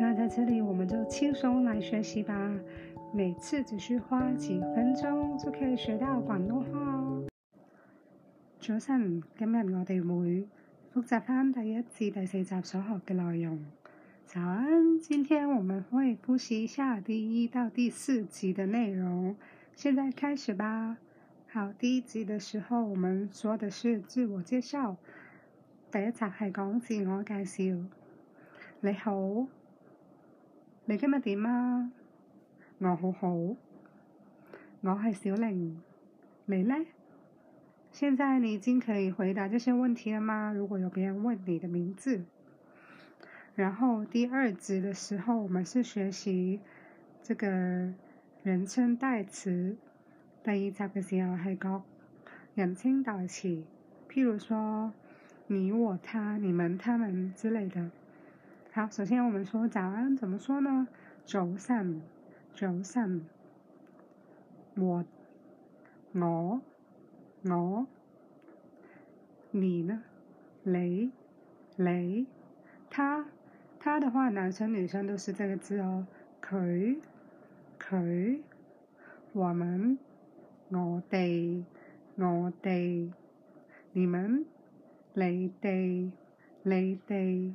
那在這裏我們就輕鬆來學習吧，每次只需花幾分鐘就可以學到廣東話哦。早晨，今日我哋會複習翻第一至第四集所學嘅內容。早安，今天我們會複習一下第一到第四集嘅內容。現在開始吧。好，第一集的時候，我們說的是自我介紹。第一集係講自我介紹。你好。你今日點啊？我好好。我係小玲。你呢？現在你已經可以回答這些問題了嗎？如果有別人問你的名字，然後第二集的時候，我們是學習這個人稱代詞。第一集嘅時候係講人稱代詞，譬如說你、我、他、你們、他們之類的。好，首先我們說早安，怎麼說呢？早晨，早晨，我，我，我，你呢？你，你，他，他的話，男生女生都是這個字哦。佢，佢，我們，我哋，我哋，你們，你哋，你哋。